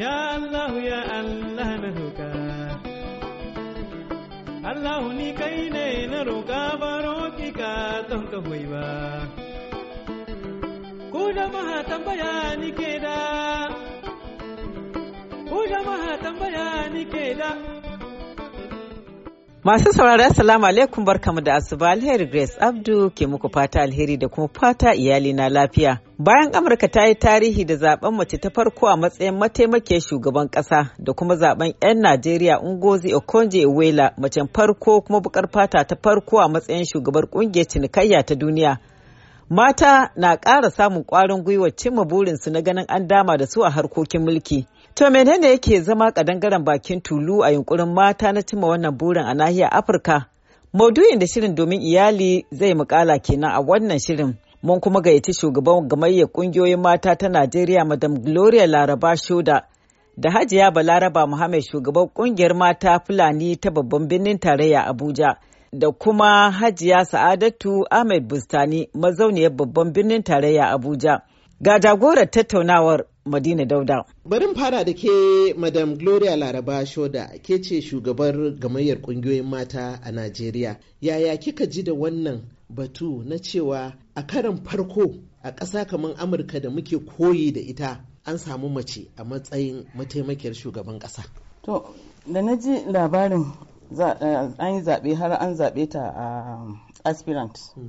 Ya Allah ya Allah na roƙa Allah ni kai ne na roƙa baro ki ka don ka hoyi ba Ku maha tambaya ni maha tambaya ni Masu saurara salamu alaikum barkamu da asuba alheri Grace Abdu ke muku fata alheri da kuma fata iyali na lafiya. Bayan Amurka ta yi tarihi da zaben mace ta farko a matsayin mataimake shugaban kasa da kuma zaben 'yan Najeriya Ngozi Okonje Iweala macen farko kuma bukar fata ta farko a matsayin shugabar kungiyar cinikayya ta duniya. Mata na ƙara samun ƙwarin gwiwa cimma burinsu na ganin an dama da su a harkokin mulki. To menene yake zama kadangaren bakin tulu a yunkurin mata na cimma wannan burin a nahiyar Afirka? Maudu'in da shirin domin iyali zai mukala kenan a wannan shirin. Mun kuma gayyaci shugaban gamayyar kungiyoyin mata ta Najeriya Madam Gloria Laraba Shoda da Hajiya Balaraba Muhammad shugaban kungiyar mata Fulani ta babban birnin tarayya Abuja da kuma Hajiya Sa'adatu Ahmed Bustani mazauniyar babban birnin tarayya Abuja. Ga jagorar tattaunawar Madina Dauda. Barin fara da ke Madam Gloria Laraba Shoda ke ce shugabar gamayyar kungiyoyin mata a Najeriya. Yaya kika ji da wannan batu na cewa a karan farko a ƙasa kamar Amurka da muke koyi da ita an samu mace a matsayin mataimakiyar shugaban ƙasa. To, da na ji labarin eh, an yi zaɓe har an zaɓe ta a ah, aspirant. Hmm.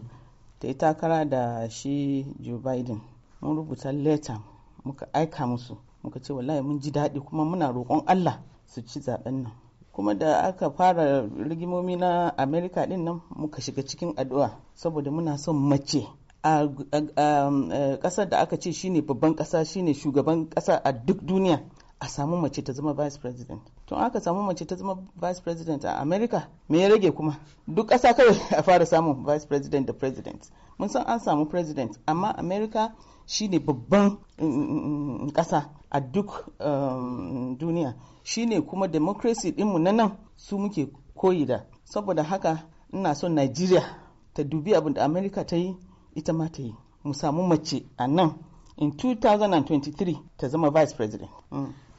Ta yi takara da shi Joe Biden. Mun rubuta leta muka aika musu muka ce wallahi mun ji daɗi kuma muna roƙon Allah su ci zaben nan kuma da aka fara rigimomi na amerika din nan muka shiga cikin addu'a saboda muna son mace a ƙasar da aka ce shine babban ƙasa shine shugaban ƙasa a duk duniya a samu mace ta zama vice president tun aka samu mace ta zama vice president a america me ya rage kuma duk ƙasa kawai a fara samun vice president da president mun san an samu president amma america shi ne babban mm, mm, mm, ƙasa a duk um, duniya shi ne kuma democracy dinmu na nan su muke koyi da saboda haka ina son nigeria ta dubi abin da america ta yi ita ma ta yi mu samu mace a nan in 2023 ta zama vice president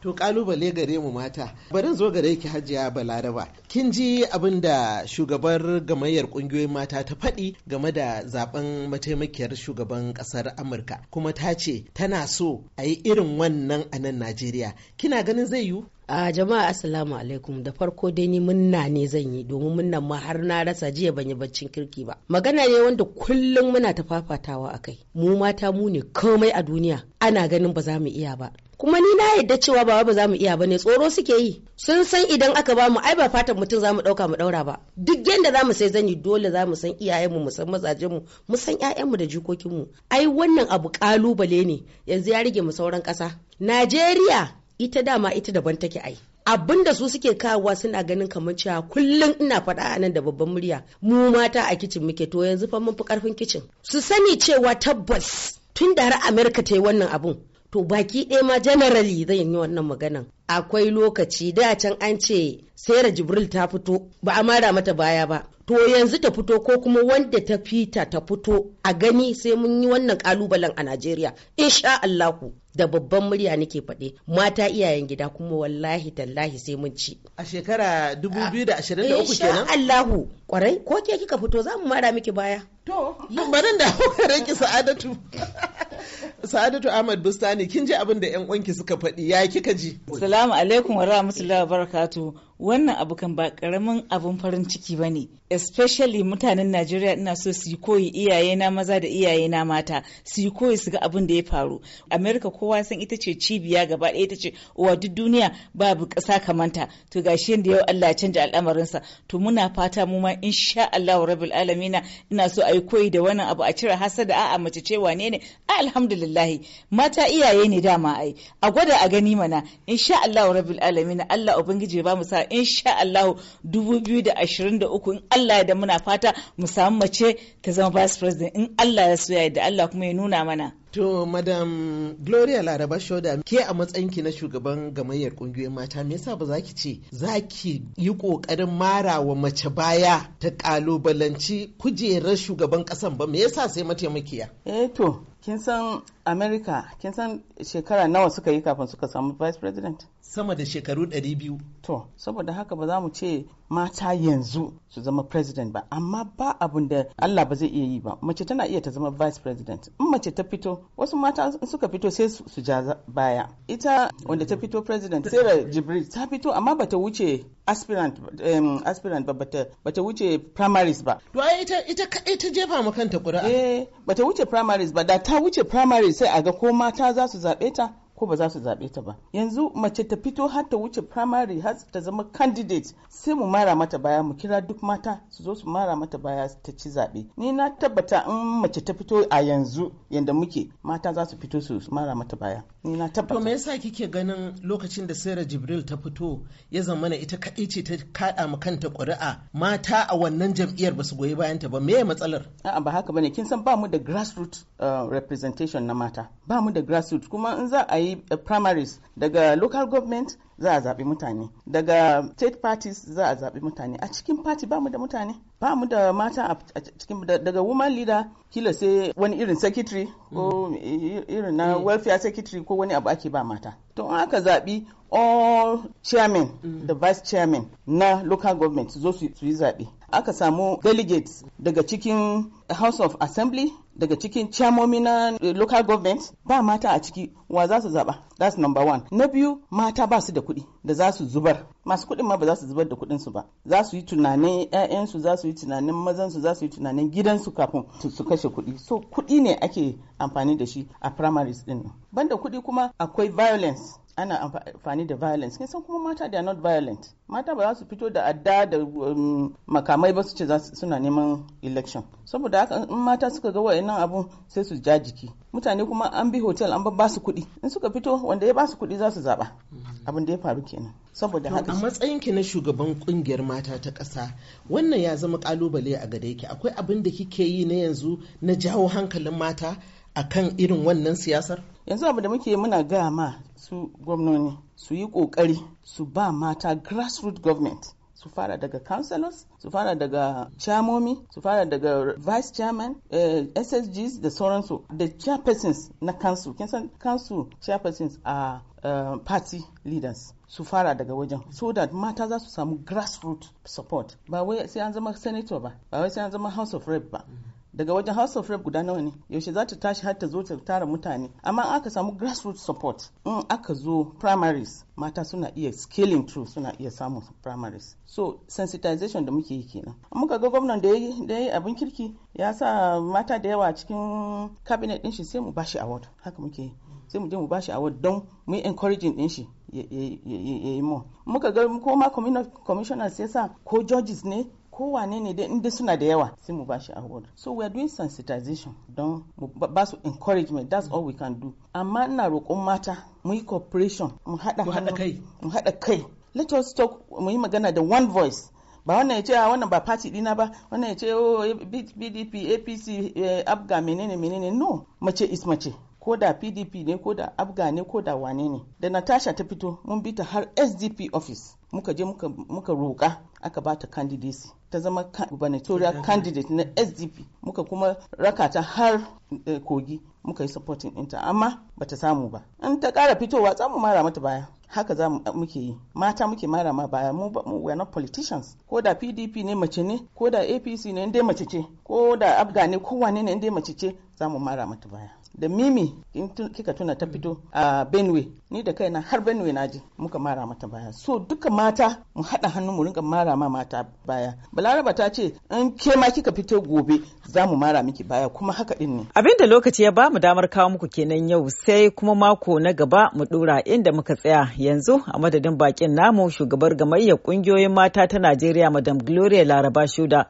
To kalubale gare mu mata. Bari zo gare ki Hajiya Balaraba. Kin ji abin da shugabar gamayyar kungiyoyin mata ta faɗi game da zaben mataimakiyar shugaban ƙasar Amurka. Kuma ta ce tana so a yi irin wannan a nan Najeriya. Kina ganin zai yiwu? a jama'a assalamu alaikum da farko dai ni munna ne zan yi domin munnan ma har na rasa jiya ban yi baccin kirki ba magana ne wanda kullum muna ta fafatawa kai. mu mata mu ne komai a duniya ana ganin ba za mu iya ba kuma ni na yadda cewa ba ba za mu iya ba ne tsoro suke yi sun san idan aka ba mu ai ba fatan mutum za mu dauka mu ɗaura ba duk yadda za mu sai zani dole za mu san iyayenmu mu san mazajenmu mu san ƴaƴanmu da jikokinmu ai wannan abu kalubale ne yanzu ya rage mu sauran ƙasa Najeriya ita dama ita daban take ai abin da su suke kawowa suna ganin kamar cewa kullum ina faɗa a nan da babban murya mu mata a kicin muke to yanzu fa mun fi karfin kicin su sani cewa tabbas tun da har america ta yi wannan abun to baki ɗaya ma generally zai yi wannan maganan akwai lokaci da can an ce sayar jibril ta fito ba a mara mata baya ba to yanzu ta fito ko kuma wanda ta fita ta fito a gani sai mun yi wannan kalubalen a najeriya insha allahu da babban murya nake faɗi. mata iyayen gida kuma wallahi tallahi sai mun ci a shekara 2023 kenan Allahu kwarai ko ke kika fito za mu mara miki baya to barin da kuka sa'adatu Sa'adatu Ahmad Bustani kin ji abin da 'yan uwanki suka faɗi ya kika ji? Assalamu alaikum wa rahmatullahi wa barakatuh. wannan abu kan ba karamin abun farin ciki ba ne especially mutanen najeriya ina so su yi koyi iyayena maza da iyayena mata su yi koyi su ga abin da ya faru america kowa san ita ce cibiya gaba ɗaya ita ce uwa duk duniya babu ƙasa kamanta to gashi yadda yau allah ya canja al'amarinsa to muna fata mu ma insha allah rabbil alamina ina so a yi koyi da wannan abu a cire hasada a'a mace ce wane ne alhamdulillahi mata iyaye ne dama ai a gwada a gani mana insha allah rabbil alamina allah ubangiji ya ba mu sa insha Allah 2023 in Allah ya da muna fata mu samu mace ta zama vice president in Allah ya soya da Allah kuma ya nuna mana To, Madam Gloria Laraba Shoda, ke a matsayinki na shugaban gamayyar kungiyoyin mata, me yasa ba za ki ce za ki yi ƙoƙarin mara wa mace baya ta ƙalubalanci kujerar shugaban ƙasan ba, me yasa sai mataimakiya? Eh to, kin san america kin san shekara nawa suka yi kafin suka samu vice president sama da shekaru 200 to saboda haka ba za mu ce mata yanzu su zama president ba amma ba abin da allah ba zai iya yi ba mace tana iya ta zama vice president in mace ta fito wasu mata suka fito sai su ja baya ita wanda ta fito president sarah jibril ta fito amma ba ta wuce aspirant um, aspirant ba bata, wuce primaries ba to ita ita ta jefa ma kanta ƙuri'a eh, ba ta wuce primaries ba da ta ta wuce primary sai a ga ko mata za su zaɓe ta ko ba za su zaɓe ta ba yanzu mace ta fito har ta wuce primary har ta zama candidate sai mu mara mata baya mu kira duk mata su zo su mara mata baya ta ci zaɓe ni na tabbata in mace ta fito a yanzu yanda muke mata za su fito su mara mata baya ni na tabbata to me yasa kike ganin lokacin da sayar Jibril ta fito ya zama na ita kaɗai ce ta kada ma kanta ƙuri'a mata a wannan jam'iyyar ba su bayan ta ba me matsalar a'a ba haka bane kin san ba mu da grassroots uh, representation na mata ba mu da grassroots kuma in za a yi Eh, primaries daga local government za a zaɓi mutane daga state parties za a zaɓi mutane a cikin party ba mu da mutane ba mu da mata a cikin daga woman leader kila sai wani irin secretary ko mm. irin na eh. welfare secretary ko wani abu ake ba mata to an aka zaɓi all chairman da mm. vice chairman na local government zo su yi zaɓe aka samu delegates daga cikin house of assembly daga cikin chairmomi na local government ba mata a ciki wa za su zaba that's number one na biyu mata ba su da kuɗi da za su zubar masu kuɗin ma ba za su zubar da kuɗin su ba za su yi tunanin ƴaƴansu za su yi tunanin mazansu su za su yi tunanin gidansu kafin su kashe kuɗi so kuɗi ne ake amfani da shi a primaries din banda kuɗi kuma akwai violence ana amfani da violence kin san kuma mata they are not violent mata ba za su fito da adda da um, makamai ba su ce suna neman election saboda haka in mata suka ga wayannan abu sai su ja jiki mutane kuma an bi hotel an ba su kuɗi in suka fito wanda ya ba su kuɗi za su zaba mm. abin da ya faru kenan saboda haka a matsayin ki na shugaban kungiyar mata ta ƙasa wannan ya zama kalubale a gare ki akwai abin da kike yi na yanzu na jawo hankalin mata akan irin wannan siyasar yanzu abu da muke muna gaya ma su gwamnoni su yi kokari su ba mata grassroots government su fara daga councillors su fara daga chairmomi su fara daga vice chairman eh, ssgs da sauransu da chairpersons na council kin san council chairpersons a uh, party leaders su fara daga wajen so that mata za su samu grassroots support ba wai sai an zama senator ba ba wai sai an zama house of rep ba mm -hmm. daga wajen house of rep guda nawa ne yaushe za ta tashi har ta zo ta tara mutane amma aka samu grassroots support in aka zo primaries mata suna iya scaling through suna iya samun primaries so sensitization da muke yi kenan muka ga gwamnan da ya yi abin kirki ya sa mata da yawa cikin cabinet din shi sai mu bashi award haka muke yi sai mu je mu bashi award don mu yi encouraging din shi ya yi mu muka ga ko ma commissioners ya sa ko judges ne kowane ne dai inda suna da yawa sai mu bashi award so we are doing sensitization don mu ba su encouragement that's all we can do amma ina roƙon mata mu yi cooperation mu haɗa kai mu haɗa kai let us talk mu yi magana da one voice ba wannan ya ce a ah, wannan ba party dina ba wannan ya ce oh, bdp apc eh, abga menene menene no mace is mace ko da pdp ne ko da abga ne ko da wane ne da natasha ta fito mun bi ta har sdp office muka je muka, roƙa aka ba ta candidacy ta zama gubernatorial candidate na sdp muka kuma rakata har eh, kogi muka yi supporting ɗinta amma bata samu ba in ta kara fitowa za mu mara mata baya haka za muke yi mata muke mara ma baya mu we are not politicians ko da PDP ne mace ne ko da APC ne inda mace ce ko da Abga ne kowane ne inda mace ce za mu mara mata baya da mimi in kika tuna ta fito a benue ni da kaina har benue na je muka mara mata baya so duka mata mu haɗa hannu mu rinka mara ma mata baya balaraba ta ce in ke ma kika fito gobe za mu mara miki baya kuma haka din ne abinda lokaci ya ba mu damar kawo muku kenan yau sai sai kuma mako na gaba mu dora inda muka tsaya yanzu a madadin bakin namu shugabar gamayyar kungiyoyin mata ta Najeriya Madam Gloria Laraba Shuda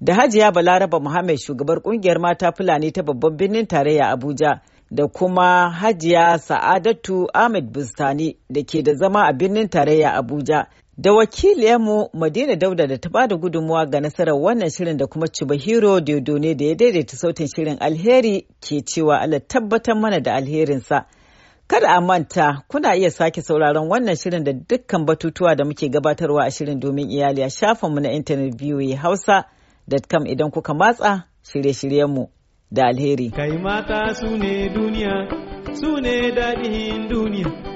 da Hajiya Balaraba Muhammad shugabar kungiyar mata Fulani ta babban birnin tarayya Abuja da kuma Hajiya Sa'adatu Ahmed Bustani da ke da zama a birnin tarayya Abuja Da wakiliyarmu Madina Dauda da ta bada gudunmuwa ga nasarar wannan shirin da kuma Chubahiro Diodone da ya daidaita sautin shirin alheri ke cewa Allah tabbatar mana da alherinsa. Kada a manta kuna iya sake sauraron wannan shirin da dukkan batutuwa da muke gabatarwa a shirin domin iyali a shafinmu na intanet hausa hausa.com idan kuka matsa shirye-shiryenmu da alheri. Kai mata su ne duniya, su ne daɗin duniya.